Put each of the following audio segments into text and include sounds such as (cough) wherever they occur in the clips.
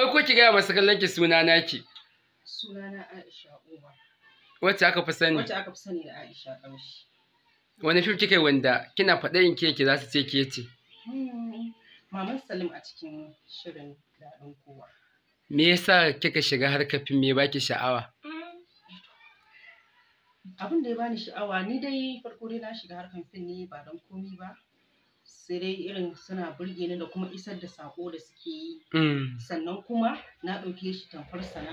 Farko ki gaya masu kallon ki suna naki. Sunana Aisha Wacce aka fi sani? Wacce aka fi sani da Aisha Kamshi. Wani fim kika wanda kina faɗa yin keke za su ce ke ce? Hmm, Maman Salim a cikin shirin daɗin kowa. Me yasa kika shiga harkar fim me baki sha'awa? Abin da ya bani sha'awa ni dai farko dai na shiga harkar fim ne ba don komi ba sai dai irin suna burge ni da kuma isar da sako da suke yi mm. sannan kuma na ɗauke shi tamfar sana.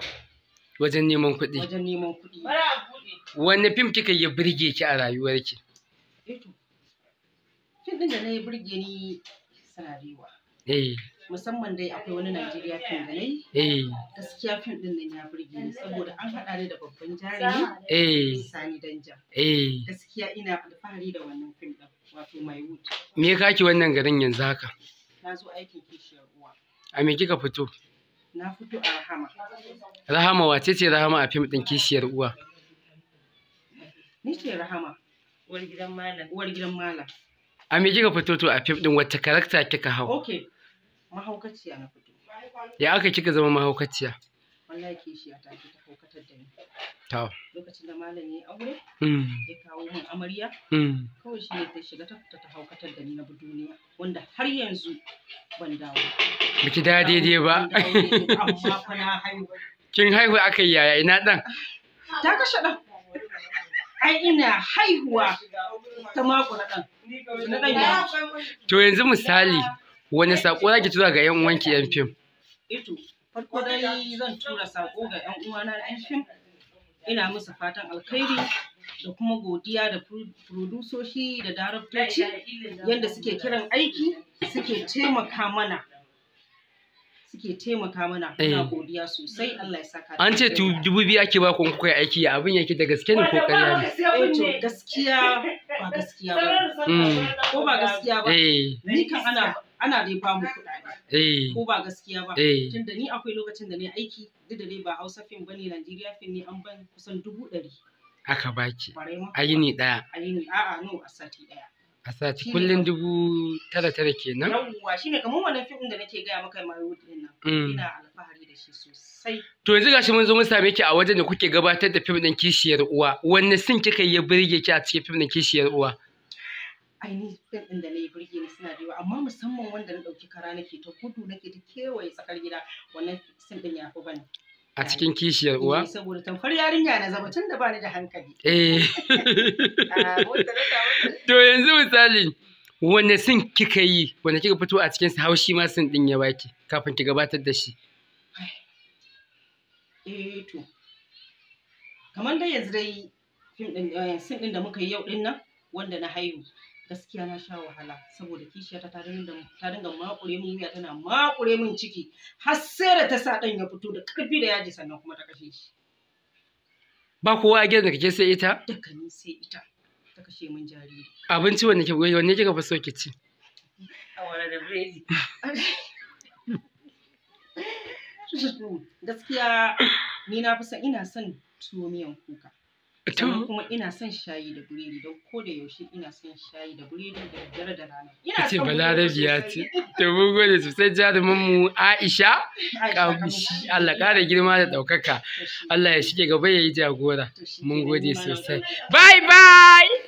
wajen neman kuɗi wajen neman kuɗi wani fim kika yi burge ki a rayuwar ki? Eh fim ɗin da na yi burge ni sanarewa eh. musamman dai akwai wani Najeriya fim da nayi eh. gaskiya fim din nan ya burge ni saboda an haɗa ni da babban jari Eh. Sani Danja gaskiya ina alfahari da wannan fim din me ka kaki wannan garin yanzu haka na zo a me kika fito rahama wace ce rahama a fim ɗin kishiyar uwa ni a me kika fito to a fim ɗin wacce karakta kika hau ya aka kika zama mahaukaciya wallahi kishiya ta ta kokatar da ni lokacin da malam ya aure hmm. ya kawo min amarya hmm. kawai shi ne ta shiga ta fita ta haukatar da ni na duniya wanda har yanzu ban dawo biki da daidai ba amma fa na haihu kin haihu aka yi yaya ina ɗan? ta kashe dan ai ina haihuwa ta mako na dan na dan ya to yanzu misali wani saƙo zaki tura ga yan wanki yan fim farko dai zan tura saƙo ga 'yan uwana na 'yan fim ina musu fatan alkhairi da kuma godiya da furodusoshi da daraktoci yadda suke kiran aiki suke taimaka mana suke taimaka mana ina eh. godiya sosai Allah ya saka an ce dubu biyu ake ba ku kuka aiki abin yake da gaske ne ko ƙarya ne eh gaskiya ba gaskiya ba ko ba gaskiya ba mm. eh. ni kan ana ana dai ba mu kuɗaɗe eh. ko ba gaskiya ba eh. tunda ni akwai lokacin da na aiki duk da dai ba Hausa fim bane Najeriya fim ne an ban kusan dubu ɗari aka baki a yini ɗaya a yini a'a no a sati ɗaya a sati kullum dubu tara tara kenan yawwa ne kamar wannan fim da nake gaya maka mai din nan mm. ina alfahari da shi sosai to yanzu gashi mun zo mun same ki a wajen da kuke gabatar da fim ɗin kishiyar uwa wanne sin kika yi ya burge ki a cikin fim ɗin kishiyar uwa ainihin fim ɗin da na yi burge ni suna da yawa amma musamman wanda na ɗauki kara nake ta gudu nake ta kewaye tsakar gida wannan sin ɗin ya fi bani a cikin kishiyar eh, uwa saboda tamfar yarinya na zama tun da ba ni da hankali eh (laughs) to yanzu misali wanne sun kika yi wanne kika fito a cikin haushi ma sun din ya baki kafin ki gabatar da shi eh to kamar dai yanzu dai din sun din da muka yi yau din nan wanda na haihu gaskiya na sha wahala saboda kishiyarta ta dinga ta dinga makure min wuya tana makure min ciki har sai da ta sa dan ya fito da karfi da yaji sannan kuma ta kashe shi ba kowa a gidan da kake sai ita daga ni sai ita ta kashe min jariri abinci wanne ke goyi wanne kika fi so ki ci awara da biredi gaskiya ni na fi son ina son tuwo miyan kuka sannan kuma ina son shayi da biredi don ko da yaushe ina son shayi da biredi da dare da rana ina ce balarabi ya ce to mun gode sosai jarumin mu Aisha kamshi Allah kara girma da ɗaukaka. Allah ya shige gaba ya yi jagora mun gode sosai bye bye